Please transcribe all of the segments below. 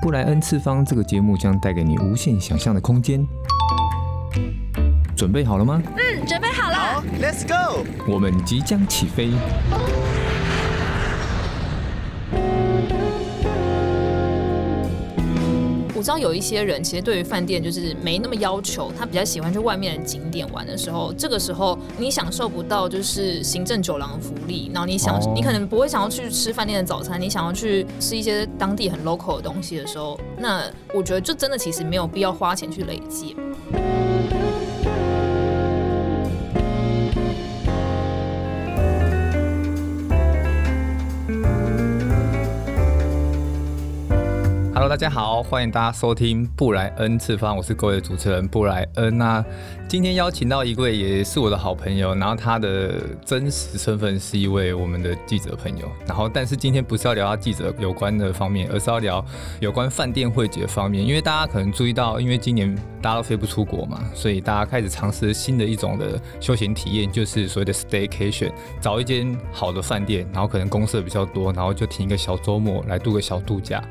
布萊恩次方這個節目將帶給你無限想象的空間，準備好了嗎？嗯，準備好了。好，let's go，我們即將起飛。我知道有一些人其實對於飯店就是沒那麼要求，他比較喜歡去外面的景點玩的時候，這個時候你享受不到就是行政酒廊的福利，然後你想，oh. 你可能不會想要去吃飯店的早餐，你想要去吃一些當地很 local 的東西的時候，那我覺得就真的其實沒有必要花錢去累積。大家好，歡迎大家收聽布萊恩次方，我是各位的主持人布萊恩啊。那今天邀請到一位也是我的好朋友，然後他的真實身份是一位我們的記者朋友。然後，但是今天不是要聊到記者有關的方面，而是要聊有關飯店會籍方面，因為大家可能注意到，因為今年。大家都飛不出國嘛，所以大家開始嘗試新的一種的休閒體驗，就是所謂的 staycation，找一間好的飯店，然後可能公事比較多，然後就停一個小周末來度個小度假。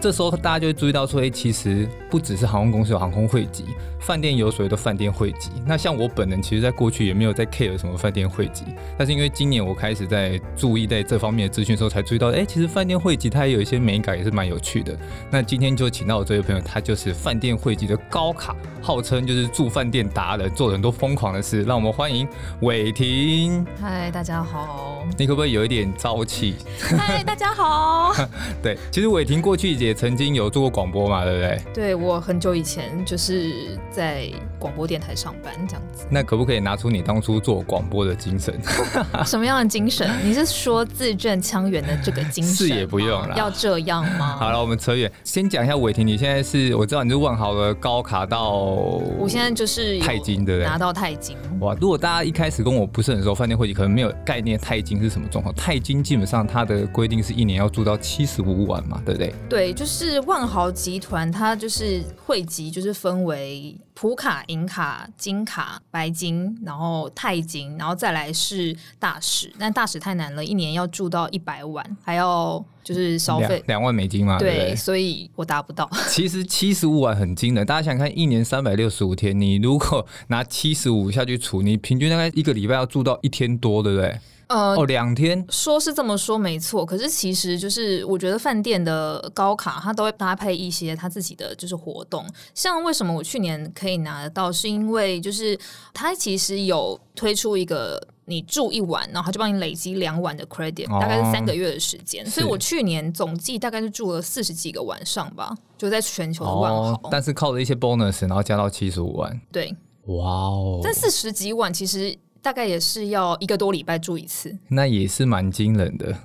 這時候大家就會注意到說，哎、欸，其實不只是航空公司有航空會籍，飯店有所謂的飯店會籍。那像我本人其實，在過去也沒有在 care 什麼飯店會籍，但是因為今年我開始在注意在這方面的資訊時候，才注意到，哎、欸，其實飯店會籍它也有一些美感，也是蠻有趣的。那今天就請到我這位朋友，他就是飯店會籍的高卡。號稱就是住飯店達人，做了很多瘋狂的事，讓我們歡迎葦庭。嗨，大家好。你可不可以有一點朝氣？嗨，大家好。 對，其實葦庭過去也曾經有做過廣播嘛，對不對？對，我很久以前就是在廣播電台上班這樣子。那可不可以拿出你當初做廣播的精神？ 什麼樣的精神？你是說字正腔圓的這個精神？是也不用了，要這樣嗎？好了，我們扯遠，先講一下葦庭，你現在是，我知道你是萬豪的高卡到。哦，oh，我現在就是鈦金的。拿到鈦金，哇！如果大家一開始跟我不是很熟，飯店會籍可能沒有概念，鈦金是什麼狀況？鈦金基本上它的規定是一年要住到七十五晚嘛，對不對？對，就是萬豪集團，它就是會籍，就是分為普卡、銀卡、金卡、白金，然後鈦金，然後再來是大使。但大使太難了，一年要住到一百晚，還要就是消費兩萬美金嘛，對，對對，所以我達不到。其實七十五萬很驚的大家想看，一年三百六十五天，你如果拿七十五下去除，你平均大概一個禮拜要住到一天多，對不對？呃，哦，兩天，說是這麼說沒錯，可是其實就是我覺得飯店的高卡，他都會搭配一些他自己的就是活動，像為什麼我去年可以拿得到，是因為就是他其實有推出一個。你住一晚，然後他就幫你累積兩晚的 credit，哦、大概是三個月的時間。是所以我去年總計大概是住了四十幾個晚上吧，就在全球的萬豪。哦，但是靠了一些 bonus，然後加到七十五萬。對，哇哦 Wow！這四十幾晚其實大概也是要一個多禮拜住一次，那也是蠻驚人的。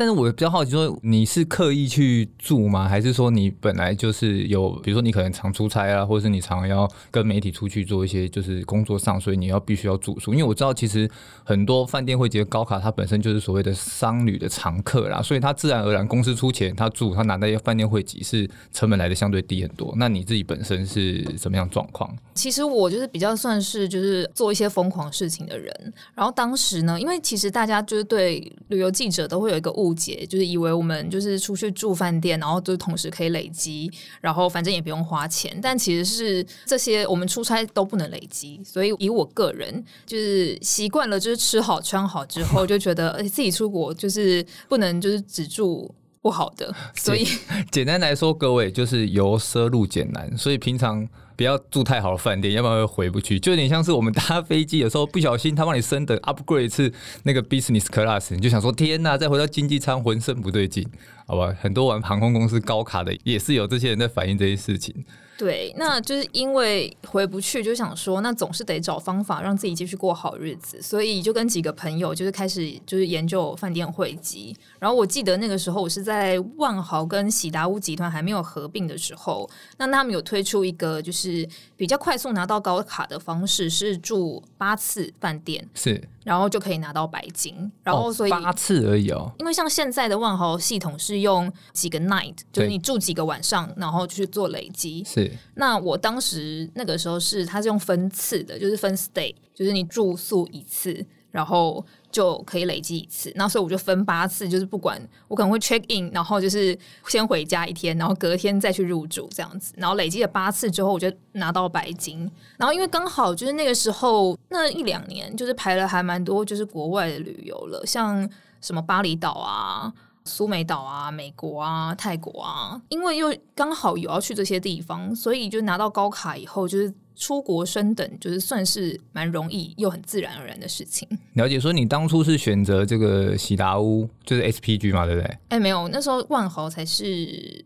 但是我比較好奇說你是刻意去住嗎？還是說你本來就是有，比如說你可能常出差啊，或者是你常要跟媒體出去做一些就是工作上，所以你要必須要住宿？因為我知道，其實很多飯店會籍高卡，他本身就是所謂的商旅的常客啦，所以他自然而然公司出錢，他住，他拿那些飯店會籍是成本來的相對低很多。那你自己本身是什麼樣狀況？其實我就是比較算是就是做一些瘋狂事情的人。然後當時呢，因為其實大家就是對。旅遊記者都會有一個誤解，就是以為我們就是出去住飯店，然後就同時可以累積，然後反正也不用花錢。但其實是這些我們出差都不能累積，所以以我個人就是習慣了，就是吃好穿好之後，就覺得而且自己出國就是不能就是只住不好的。所以 簡單來說，各位就是由奢入儉難，所以平常。不要住太好的飯店，要不然會回不去。就有點像是我們搭飛機有時候不小心，他幫你升等 upgrade 一次那個 business class，你就想說天吶，再回到經濟艙渾身不對勁，好吧？很多玩航空公司高卡的也是有這些人在反映這些事情。對，那就是因為回不去，就想說那總是得找方法讓自己繼續過好日子，所以就跟幾個朋友就是開始就是研究飯店會籍。然後我記得那個時候我是在萬豪跟喜達屋集團還沒有合併的時候，那他們有推出一個就是比較快速拿到高卡的方式，是住八次飯店是，然後就可以拿到白金。然後所以、哦、八次而已哦，因為像現在的萬豪系統是用幾個 night，就是你住幾個晚上，對然後就去做累積那我當時那個時候是，他是用分次的，就是分 stay，就是你住宿一次，然後就可以累積一次。那所以我就分八次，就是不管我可能會 check in，然後就是先回家一天，然後隔天再去入住這樣子。然後累積了八次之後，我就拿到白金。然後因為剛好就是那個時候那一兩年，就是排了還蠻多就是國外的旅遊了，像什麼巴厘島啊。蘇梅島啊，美國啊，泰國啊，因為又剛好有要去這些地方，所以就拿到高卡以後，就是。出國升等就是算是蠻容易又很自然而然的事情。了解。說，你當初是選擇這個喜達屋，就是 SPG 嘛，對不對？哎、欸，沒有，那時候萬豪才是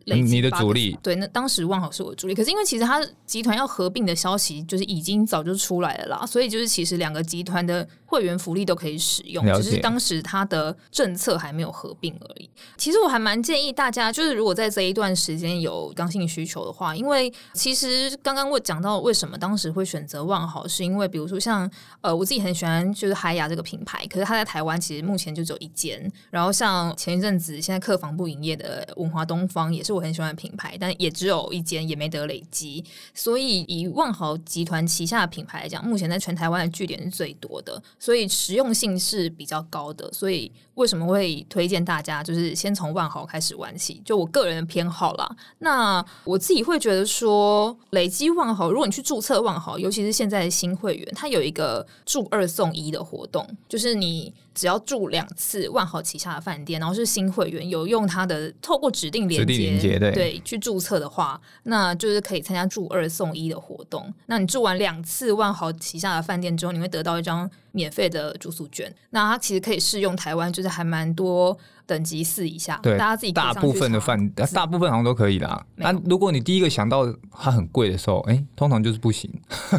你、啊、你的主力。對，那當時萬豪是我的主力。可是因為其實他集團要合併的消息就是已經早就出來了啦，所以就是其實兩個集團的會員福利都可以使用。了解。只是當時他的政策還沒有合併而已。其實我還蠻建議大家，就是如果在這一段時間有剛性需求的話，因為其實剛剛我講到為什麼，當時會選擇萬豪，是因為比如說像呃，我自己很喜歡就是海雅這個品牌，可是它在台灣其實目前就只有一間。然後像前一陣子現在客房不營業的文華東方，也是我很喜歡的品牌，但也只有一間，也沒得累積。所以以萬豪集團旗下的品牌來講，目前在全台灣的據點是最多的，所以實用性是比較高的。所以為什麼會推薦大家就是先從萬豪開始玩起？就我個人的偏好啦，那我自己會覺得說，累積萬豪，如果你去註冊萬豪，尤其是現在的新會員，它有一個住二送一的活動，就是你。只要住兩次萬豪旗下的飯店，然後是新會員有用它的透過指定連結，指定連結，對，去註冊的話，那就是可以參加住二送一的活動。那你住完兩次萬豪旗下的飯店之後，你會得到一張免費的住宿券。那它其實可以適用台灣，就是還蠻多。等級四以下，對，大家自己大部分的飯、啊，大部分好像都可以啦。那有、啊、如果你第一個想到它很貴的時候，哎、欸，通常就是不行。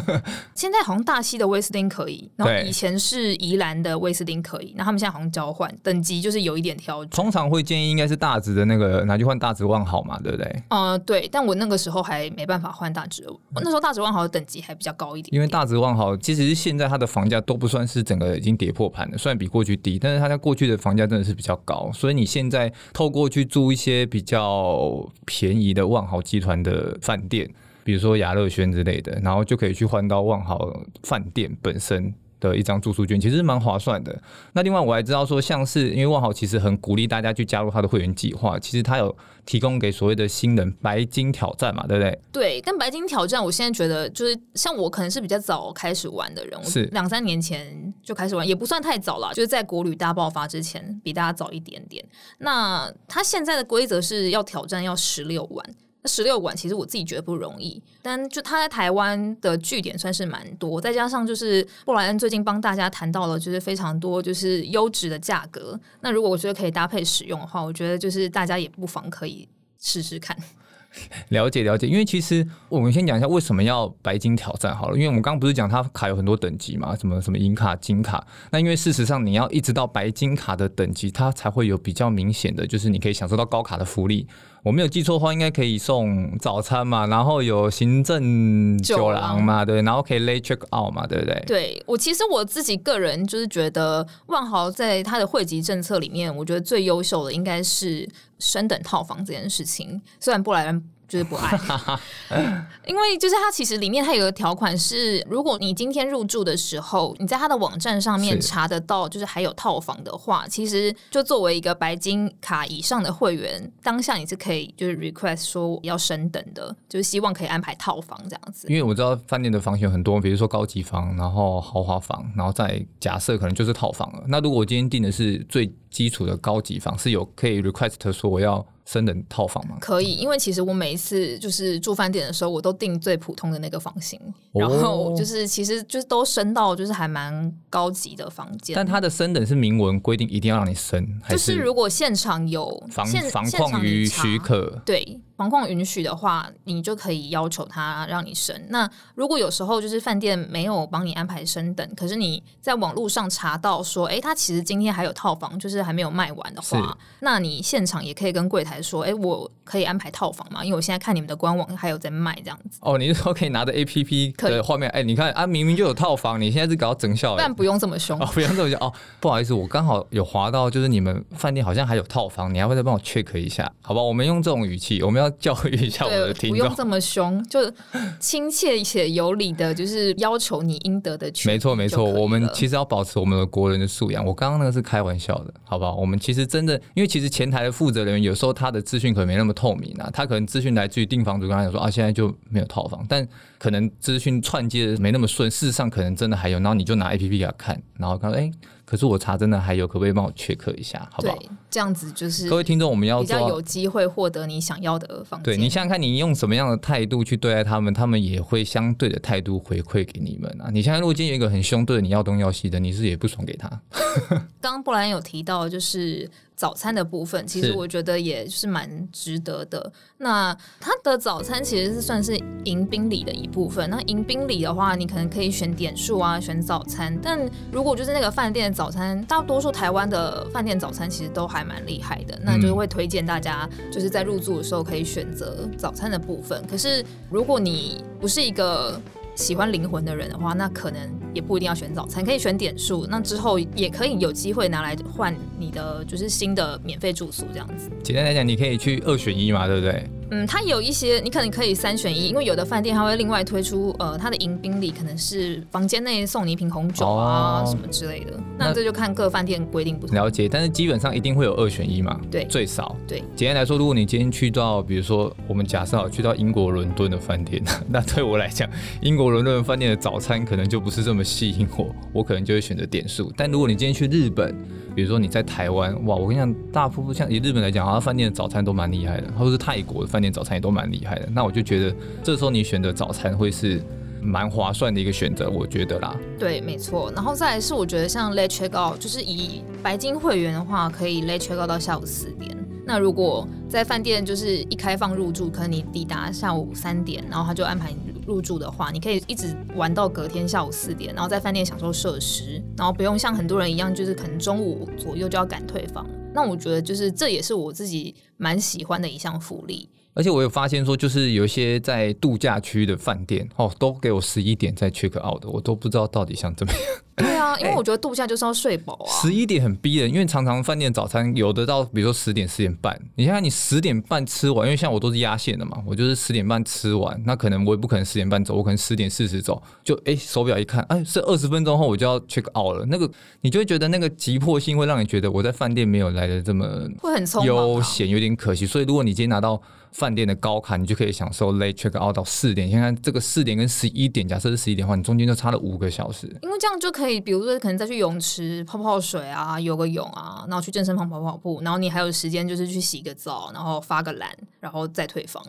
現在好像大溪的威斯汀可以，然後以前是宜蘭的威斯汀可以，對那他們現在好像交換等級，就是有一點挑。通常會建議應該是大直的那個拿去換大直萬豪嘛，對不對？嗯，對。但我那個時候還沒辦法換大直、嗯、我那時候大直萬豪的等級還比較高一點點。因為大直萬豪，即使是現在它的房價都不算是整個已經跌破盤了，雖然比過去低，但是它在過去的房價真的是比較高。所以你現在透過去住一些比較便宜的萬豪集團的飯店，比如說雅樂軒之類的，然後就可以去換到萬豪飯店本身。的一張住宿券其實蠻划算的。那另外我還知道說，像是因為萬豪其實很鼓勵大家去加入他的會員計劃，其實他有提供給所謂的新人白金挑戰嘛，對不對？對，但白金挑戰我現在覺得就是像我可能是比較早開始玩的人，是兩三年前就開始玩，也不算太早了，就是在國旅大爆發之前，比大家早一點點。那他現在的規則是要挑戰要十六萬。十六萬其實我自己覺得不容易，但就他在台灣的據點算是蠻多，再加上就是布萊恩最近幫大家談到了，就是非常多就是優質的價格。那如果我覺得可以搭配使用的話，我覺得就是大家也不妨可以試試看。了解了解，因為其實我們先講一下為什麼要白金挑戰好了，因為我們剛剛不是講它卡有很多等級嘛，什麼什麼銀卡、金卡，那因為事實上你要一直到白金卡的等級，它才會有比較明顯的，就是你可以享受到高卡的福利。我沒有記錯的話，應該可以送早餐嘛，然後有行政酒廊嘛，啊、對，然後可以 late check out 嘛，對不對？對我其實我自己個人就是覺得，萬豪在他的會籍政策裡面，我覺得最優秀的應該是升等套房這件事情。雖然布萊恩。就是不愛， 因為就是它其實裡面它有個條款是，如果你今天入住的時候，你在它的網站上面查得到，就是還有套房的話，其實就作為一個白金卡以上的會員，當下你是可以就是 request 說要升等的，就是希望可以安排套房這樣子。因為我知道飯店的房型有很多，比如說高級房，然後豪華房，然後再假設可能就是套房了。那如果我今天訂的是最基礎的高級房，是有可以 request 說我要。升等套房嗎？可以，因為其實我每一次就是住飯店的時候，我都訂最普通的那個房型，哦、然後就是其實就是都升到就是還蠻高級的房間。但它的升等是明文規定一定要讓你升，對還是就是如果現場有房房況與許可，對房況允許的話，你就可以要求他讓你升。那如果有時候就是飯店沒有幫你安排升等，可是你在網絡上查到說，哎、欸，他其實今天還有套房，就是還沒有賣完的話，是那你現場也可以跟櫃檯。說哎、欸，我可以安排套房嗎？因為我現在看你們的官網還有在賣這樣子哦。你是說可以拿着 APP 的畫面？哎、欸，你看啊，明明就有套房， 你現在是搞整校、欸，但不用這麼凶、哦，不用這麼凶 哦。不好意思，我剛好有滑到，就是你們飯店好像還有套房，你還會再幫我 check 一下，好不好？我們用這種語氣，我們要教育一下我們的聽眾，不用這麼凶，就是親切且有理的，就是要求你應得的 沒錯沒錯，我們其實要保持我們的國人的素養。我剛剛那個是開玩笑的，好不好？我們其實真的，因為其實前台的負責人有時候他。他的資訊可能沒那麼透明啊，他可能資訊來自於訂房主，跟他說啊，現在就沒有套房，但可能資訊串接沒那麼順，事實上可能真的還有，然後你就拿 A P P 給他看，然後他說：哎、欸。可是我查真的還有，可不可以幫我 check 一下，好不好？對，這樣子就是各位聽眾，我們要比較有機會獲得你想要的房間。對，你想想看，你用什麼樣的態度去對待他們，他們也會相對的態度回饋給你們啊！你現在如果今天有一個很凶對你要東要西的，你是也不爽給他。剛，布蘭有提到就是早餐的部分，其實我覺得也是蠻值得的。那它的早餐其實是算是迎賓禮的一部分。那迎賓禮的話，你可能可以選點數啊，選早餐。但如果就是那個飯店的早餐，大多數台灣的飯店早餐其實都還蠻厲害的，那就會推薦大家就是在入住的時候可以選擇早餐的部分。嗯、可是如果你不是一個喜歡靈魂的人的話，那可能也不一定要選早餐，可以選點數。那之後也可以有機會拿來換。你的就是新的免費住宿這樣子。簡單來講，你可以去二選一嘛，對不對？嗯，它有一些你可能可以三選一，因為有的飯店他會另外推出，呃，他的迎賓禮可能是房間內送你一瓶紅酒啊，哦、什麼之類的。那這就看各飯店規定不同。了解，但是基本上一定會有二選一嘛。嗯、對，最少。對，簡單來說，如果你今天去到，比如說我們假設好去到英國倫敦的飯店，那對我來講，英國倫敦飯店的早餐可能就不是這麼吸引我，我可能就會選擇點數。但如果你今天去日本，比如說你在台灣，哇，我跟你講，大部分像以日本來講，好像飯店的早餐都蠻厲害的，或者是泰國的飯店。飯店早餐也都蠻厲害的，那我就覺得這時候你選擇早餐會是蠻划算的一個選擇，我覺得啦。對，沒錯。然後再來是，我覺得像 late check out，就是以白金會員的話，可以 late check out 到下午四點。那如果在飯店就是一開放入住，可能你抵達下午三點，然後他就安排你入住的話，你可以一直玩到隔天下午四點，然後在飯店享受設施，然後不用像很多人一樣，就是可能中午左右就要趕退房。那我覺得就是這也是我自己蠻喜歡的一項福利。而且我有發現說，就是有一些在度假區的飯店哦，都給我十一點在 check out 的，我都不知道到底想怎麼樣。 對啊，因為我覺得度假就是要睡飽啊。欸、十一點很逼人，因為常常飯店早餐有的到，比如說十點、十點半。你想想，你十點半吃完，因為像我都是壓線的嘛，我就是十點半吃完，那可能我也不可能十點半走，我可能十點四十走，就哎、欸、手錶一看，哎，是二十分鐘後我就要 check out 了。那個你就會覺得那個急迫性會讓你覺得我在飯店沒有來得這麼會很悠閒，有點可惜。所以如果你今天拿到。飯店的高卡，你就可以享受 late check out 到四點。現在這個四點跟十一點，假設是十一點的話，你中間就差了五個小時。因為這樣就可以，比如說，可能再去泳池泡泡水啊，遊個泳啊，然後去健身房跑跑步，然後你還有時間就是去洗個澡，然後發個懶，然後再退房。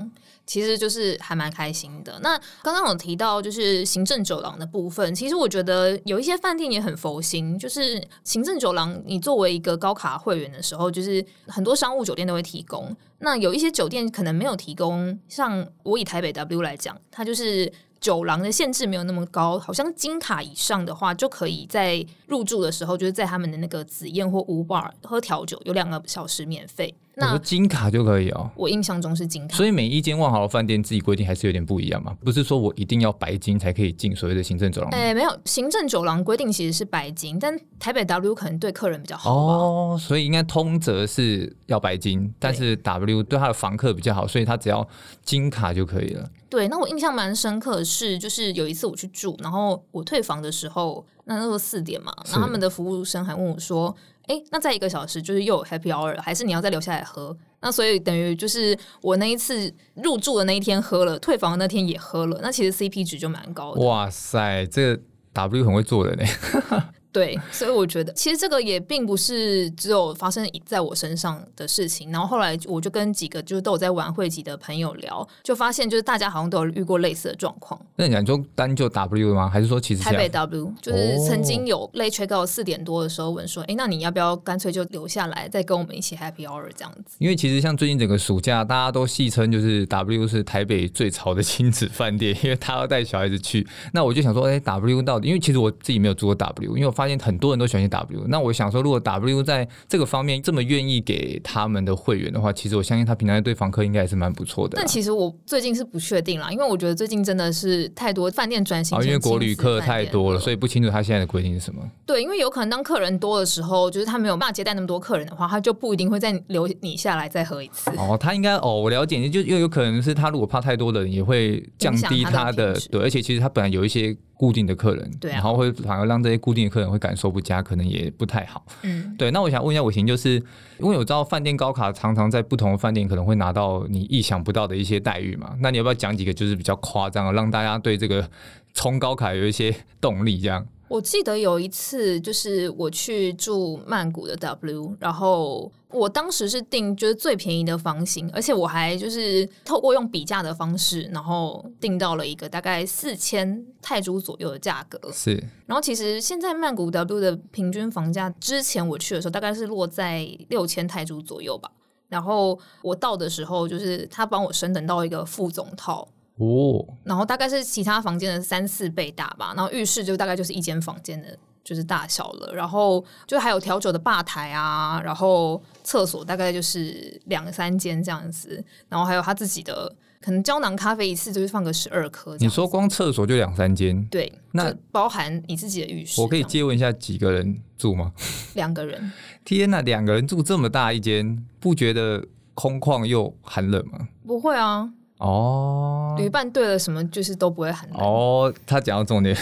其實就是還蠻開心的。那剛剛有提到就是行政走廊行政酒廊的部分，其實我覺得有一些飯店也很佛心，就是行政酒廊，你作為一個高卡會員的時候，就是很多商務酒店都會提供。那有一些酒店可能沒有提供，像我以台北 W 來講，它就是酒廊的限制沒有那麼高，好像金卡以上的話就可以在入住的時候就是在他們的那個紫艷或 Woobar 喝調酒，有兩個小時免費。那我，我說金卡就可以哦，我印象中是金卡，所以每一間萬豪飯店自己規定還是有點不一樣嘛，不是說我一定要白金才可以進所謂的行政酒廊。哎，沒有行政酒廊規定其實是白金，但台北 W 可能對客人比較好，好哦，所以應該通則是要白金，但是 W 對他的房客比較好，所以他只要金卡就可以了。對，那我印象蠻深刻的，是，就是有一次我去住，然後我退房的時候，那時候四點嘛，是然後他們的服務生還問我說：“哎，那再一個小時就是又有 happy hour 了，還是你要再留下來喝？”那所以等於就是我那一次入住的那一天喝了，退房的那天也喝了，那其實 CP 值就蠻高的。哇塞，這個 W 很會做的呢。 對，所以我覺得其實這個也並不是只有發生在我身上的事情。然後後來我就跟幾個就是都有在玩會籍的朋友聊，就發現就是大家好像都有遇過類似的狀況。那你講你就單就 W 嗎？還是說其實台北 W 就是曾經有 late check out 到四點多的時候，問說：“哎，那你要不要乾脆就留下來，再跟我們一起 Happy Hour 這樣子？”因為其實像最近整個暑假，大家都戲稱就是 W 是台北最潮的親子飯店，因為他要帶小孩子去。那我就想說：“哎，W 到底？”因為其實我自己沒有住過 W，因為我發。很多人都喜歡 W，那我想說，如果 W 在這個方面這麼願意給他們的會員的話，其實我相信他平常對房客應該也是蠻不錯的，啊。但其實我最近是不確定啦，因為我覺得最近真的是太多飯店轉型，哦，因為國旅客太多了，對所以不清楚他現在的規定是什麼。對，因為有可能當客人多的時候，就是他沒有辦法接待那麼多客人的話，他就不一定會再留你下來再喝一次。哦，他應該哦，我了解，就又有可能是他如果怕太多的人，也會降低他的。他對，而且其實他本來有一些。固定的客人，啊、然後會反而讓這些固定的客人會感受不佳，可能也不太好。嗯，對。那我想問一下葦庭，就是因為我知道飯店高卡常常在不同的飯店可能會拿到你意想不到的一些待遇嘛？那你要不要講幾個就是比較誇張，讓大家對這個衝高卡有一些動力這樣？我記得有一次，就是我去住曼谷的 W，然後我當時是訂就是最便宜的房型，而且我還就是透過用比價的方式，然後訂到了一個大概四千泰銖左右的價格。是，然後其實現在曼谷 W 的平均房價，之前我去的時候大概是落在六千泰銖左右吧。然後我到的時候，就是他幫我升等到一個副總套。哦，然後大概是其他房間的三四倍大吧，然後浴室就大概就是一間房間的就是大小了，然後就還有調酒的吧台啊，然後廁所大概就是兩三間這樣子，然後還有他自己的，可能膠囊咖啡一次就是放個十二顆。你說光廁所就兩三間，對，那包含你自己的浴室，我可以借問一下幾個人住嗎？ 兩個人。天哪，兩個人住這麼大一間，不覺得空曠又寒冷嗎？不會啊。哦，旅伴對了，什麼就是都不會很哦，oh, 他講的重點，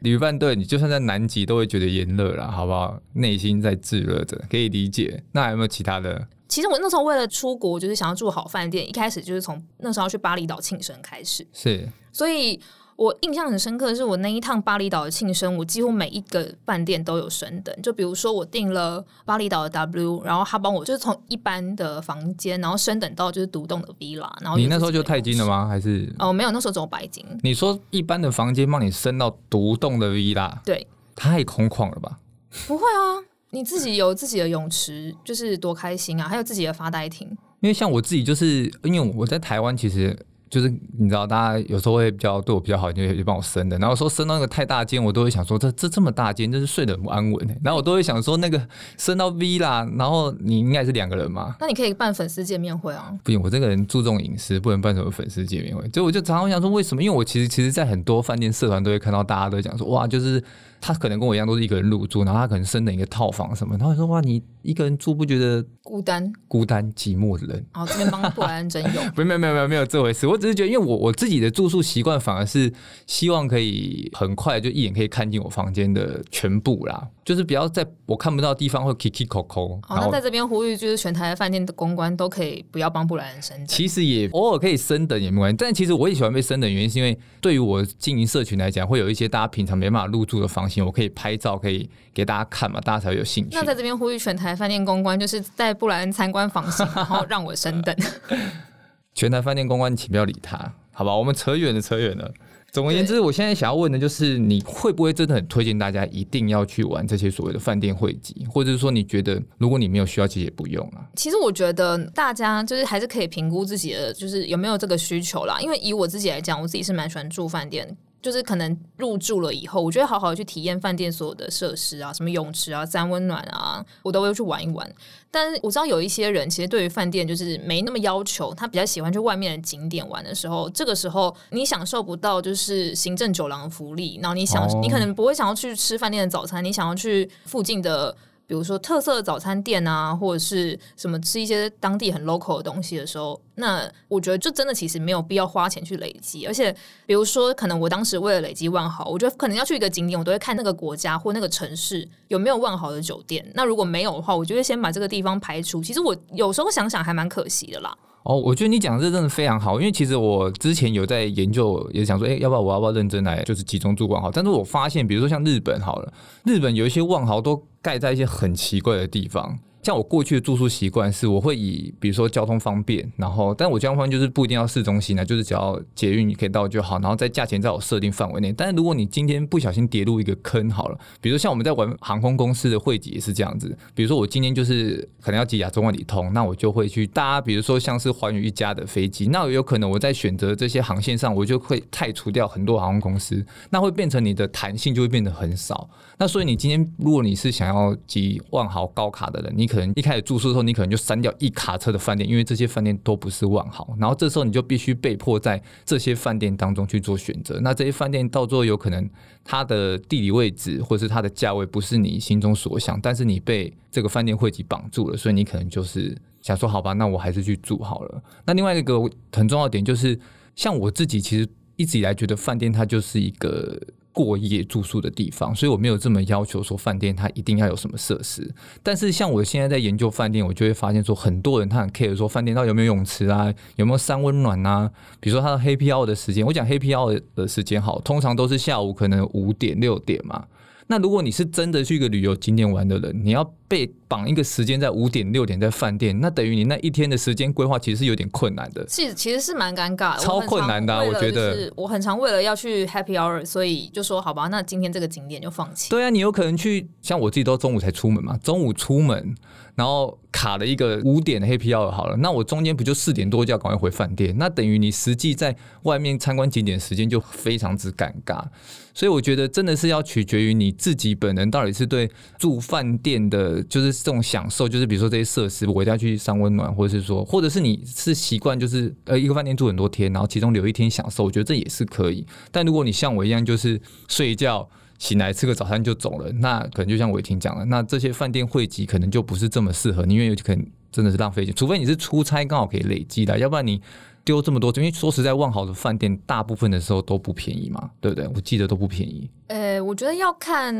旅伴對你，就算在南極都會覺得炎熱了，好不好？內心在炙熱着，可以理解。那還有沒有其他的？其實我那時候為了出國，就是想要住好飯店，一開始就是從那時候去巴厘島慶生開始。是，所以。我印象很深刻的是，我那一趟巴厘島的慶生，我幾乎每一個飯店都有升等。就比如說，我訂了巴厘島的 W，然後他幫我就是從一般的房間，然後升等到就是獨棟的 villa。然後你那時候就鈦金了嗎？還是哦，沒有，那時候只有白金。你說一般的房間幫你升到獨棟的 villa，對，太空曠了吧？不會啊，你自己有自己的泳池，就是多開心啊！還有自己的發呆亭。因為像我自己，就是因為我在台灣，其實。就是你知道，大家有時候會比較對我比較好，就就幫我升的。然後說升到那個太大間，我都會想說，這這這麼大間，就是睡得很不安穩。然後我都會想說，那個升到 V 啦，然後你應該是兩個人嘛。那你可以辦粉絲見面會啊。不行，我這個人注重隱私，不能辦什麼粉絲見面會。所以我就常常想說，為什麼？因為我其實其實，在很多飯店社團都會看到，大家都講說，哇，就是。他可能跟我一樣都是一個人入住，然後他可能升的一個套房什麼，然後說，哇，你一個人住不覺得孤單？孤單寂寞的人。哦，這邊幫布萊恩用？沒有，沒有，沒有，沒有這回事。我只是覺得，因為我我自己的住宿習慣反而是希望可以很快就一眼可以看進我房間的全部啦，就是不要在我看不到的地方會 kick k i k 口口。哦、然後那在這邊呼籲，就是全台的飯店的公關都可以不要幫布萊恩升。其實也偶爾可以升等也沒關係，但其實我也喜歡被升等的原因是因為對於我經營社群來講，會有一些大家平常沒辦法入住的房。我可以拍照，可以給大家看嘛，大家才會有興趣。那在這邊呼籲全台飯店公關，就是在布萊恩參觀房型，然後讓我升等。 全台飯店公關，請不要理他，好吧？我們扯遠了，扯遠了。總而言之，對我現在想要問的就是，你會不會真的很推薦大家一定要去玩這些所謂的飯店會籍，或者是說，你覺得如果你沒有需要，其實也不用啊。其實我覺得大家就是還是可以評估自己的，就是有沒有這個需求啦。因為以我自己來講，我自己是蠻喜歡住飯店。就是可能入住了以後，我覺得好好去體驗飯店所有的設施啊，什麼泳池啊、三溫暖啊，我都會去玩一玩。但是我知道有一些人其實對於飯店就是沒那麼要求，他比較喜歡去外面的景點玩的時候，這個時候你享受不到就是行政酒廊的福利，然後你想，Oh. 你可能不會想要去吃飯店的早餐，你想要去附近的。比如說特色的早餐店啊，或者是什麼吃一些當地很 local 的東西的時候，那我覺得就真的其實沒有必要花錢去累積。而且比如說，可能我當時為了累積萬豪，我覺得可能要去一個景點，我都會看那個國家或那個城市有沒有萬豪的酒店。那如果沒有的話，我就會先把這個地方排除。其實我有時候想想還蠻可惜的啦。哦，我覺得你講這真的非常好，因為其實我之前有在研究，也想說，誒，要不要我要不要認真來就是集中住萬豪？但是我發現，比如說像日本好了，日本有一些萬豪都待在一些很奇怪的地方，像我過去的住宿習慣是，我會以比如說交通方便，然後但我交通方便就是不一定要市中心呢，就是只要捷運你可以到就好，然後在價錢在我設定範圍內。但是如果你今天不小心跌入一個坑，好了，比如說像我們在玩航空公司的會籍也是這樣子，比如說我今天就是可能要擠亞洲萬里通，那我就會去搭比如說像是寰宇一家的飛機，那有可能我在選擇這些航線上，我就會汰除掉很多航空公司，那會變成你的彈性就會變得很少。那所以你今天，如果你是想要集萬豪高卡的人，你可能一開始住宿的時候，你可能就刪掉一卡車的飯店，因為這些飯店都不是萬豪。然後這時候你就必須被迫在這些飯店當中去做選擇。那這些飯店到最後有可能它的地理位置或者是它的價位不是你心中所想，但是你被這個飯店會籍綁住了，所以你可能就是想說，好吧，那我還是去住好了。那另外一個很重要的點就是，像我自己其實一直以來覺得飯店它就是一個。過夜住宿的地方，所以我沒有這麼要求說飯店它一定要有什麼設施。但是像我現在在研究飯店，我就會發現說，很多人他很 care 說飯店到有沒有泳池啊，有沒有三溫暖啊，比如說他的 happy hour 的時間。我講 happy hour 的時間好，通常都是下午可能五點六點嘛。那如果你是真的去一個旅遊景點玩的人，你要被。綁一個時間在五點六點在飯店，那等於你那一天的時間規劃其實是有點困難的。其實其實是蠻尷尬的，超困難的。我，就是、我覺得，是我很常為了要去 Happy Hour，所以就說好吧，那今天這個景點就放棄。對啊，你有可能去，像我自己都中午才出門嘛，中午出門，然後卡了一個五點的 Happy Hour 好了，那我中間不就四點多就要趕快回飯店？那等於你實際在外面參觀景點時間就非常之尷尬。所以我覺得真的是要取決於你自己本人到底是對住飯店的，就是。這種享受就是，比如說這些設施，我一定要去三溫暖，或者是說，或者是你是習慣，就是呃一個飯店住很多天，然後其中留一天享受，我覺得這也是可以。但如果你像我一樣，就是睡一覺，醒來吃個早餐就走了，那可能就像我葦庭講了，那這些飯店會籍可能就不是這麼適合，因為有可能真的是浪費錢。除非你是出差，剛好可以累積的，要不然你丟這麼多，因為說實在，萬豪的飯店大部分的時候都不便宜嘛，對不對？我記得都不便宜。呃、欸，我覺得要看，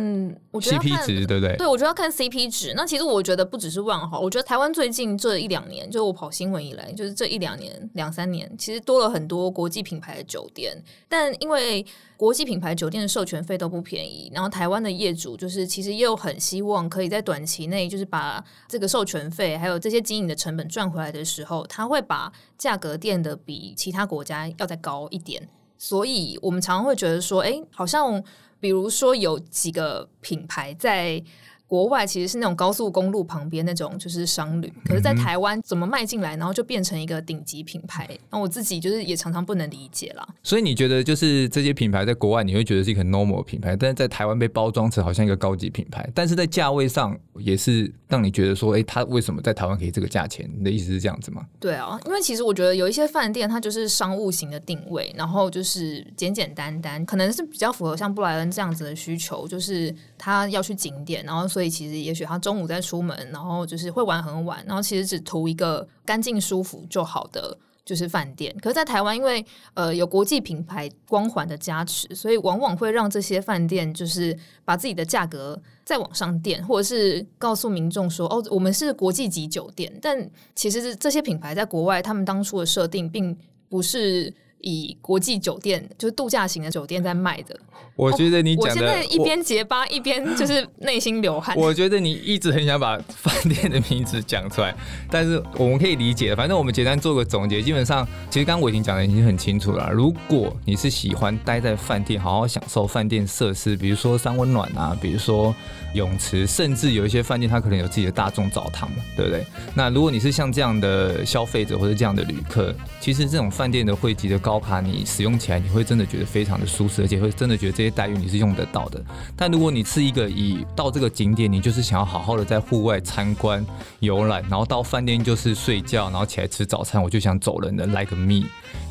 我覺得要看 CP 值對不對？對，我覺得要看 CP 值。那其實我覺得不只是萬豪，我覺得台灣最近這一兩年，就是我跑新聞以來，就是這一兩年兩三年，其實多了很多國際品牌的酒店。但因為國際品牌酒店的授權費都不便宜，然後台灣的業主就是其實又很希望可以在短期內，就是把這個授權費還有這些經營的成本賺回來的時候，他會把價格定得比其他國家要再高一點。所以我們常常會覺得說，哎、欸，好像。比如說，有幾個品牌在，國外其實是那種高速公路旁邊那種就是商旅，可是，在台灣怎麼賣進來，然後就變成一個頂級品牌？那我自己就是也常常不能理解了。所以你覺得就是這些品牌在國外，你會覺得是一個 normal 的品牌，但是在台灣被包裝成好像一個高級品牌，但是在價位上也是讓你覺得說，哎、欸，他為什麼在台灣可以這個價錢？你的意思是這樣子嗎？對啊，因為其實我覺得有一些飯店它就是商務型的定位，然後就是簡簡單單，可能是比較符合像布萊恩這樣子的需求，就是他要去景點，然後。所以其實也許他中午再出門，然後就是會玩很晚，然後其實只圖一個乾淨舒服就好的就是飯店。可是，在台灣因為呃有國際品牌光環的加持，所以往往會讓這些飯店就是把自己的價格再往上墊，或者是告訴民眾說：“哦，我們是國際級酒店。”但其實這些品牌在國外，他們當初的設定並不是。以國際酒店就是度假型的酒店在賣的，我覺得你講的、哦、一邊結巴我一邊就是內心流汗。我覺得你一直很想把飯店的名字講出來，但是我們可以理解。反正我們簡單做個總結，基本上其實剛剛我已經講的已經很清楚了啦。如果你是喜歡待在飯店，好好享受飯店設施，比如說三溫暖啊，比如說泳池，甚至有一些飯店它可能有自己的大眾澡堂嘛，對不對？那如果你是像這樣的消費者或者這樣的旅客，其實這種飯店的會籍的。高卡你使用起來，你會真的覺得非常的舒適，而且會真的覺得這些待遇你是用得到的。但如果你是一個以到這個景點，你就是想要好好的在戶外參觀遊覽，然後到飯店就是睡覺，然後起來吃早餐，我就想走人的。like me。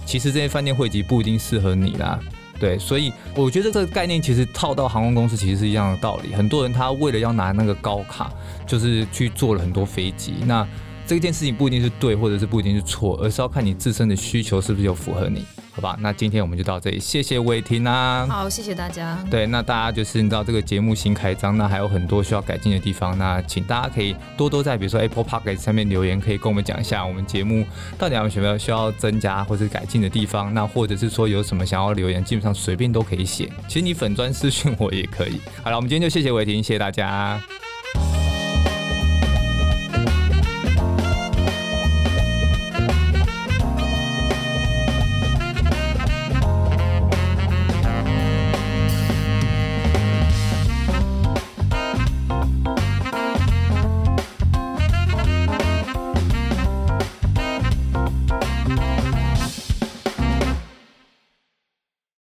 其實這些飯店會籍不一定適合你啦，對。所以我覺得這個概念其實套到航空公司其實是一樣的道理。很多人他為了要拿那個高卡，就是去坐了很多飛機。那這件事情不一定是對，或者是不一定是錯，而是要看你自身的需求是不是有符合你，好吧？那今天我們就到這裡，謝謝葦庭啊！好，謝謝大家。對，那大家就是你知道這個節目新開張，那還有很多需要改進的地方，那請大家可以多多在比如說 Apple Podcast 上面留言，可以跟我們講一下我們節目到底還有什麼需要增加或者改進的地方，那或者是說有什麼想要留言，基本上隨便都可以寫。其實你粉專私訊我也可以。好了，我們今天就謝謝葦庭，謝謝大家。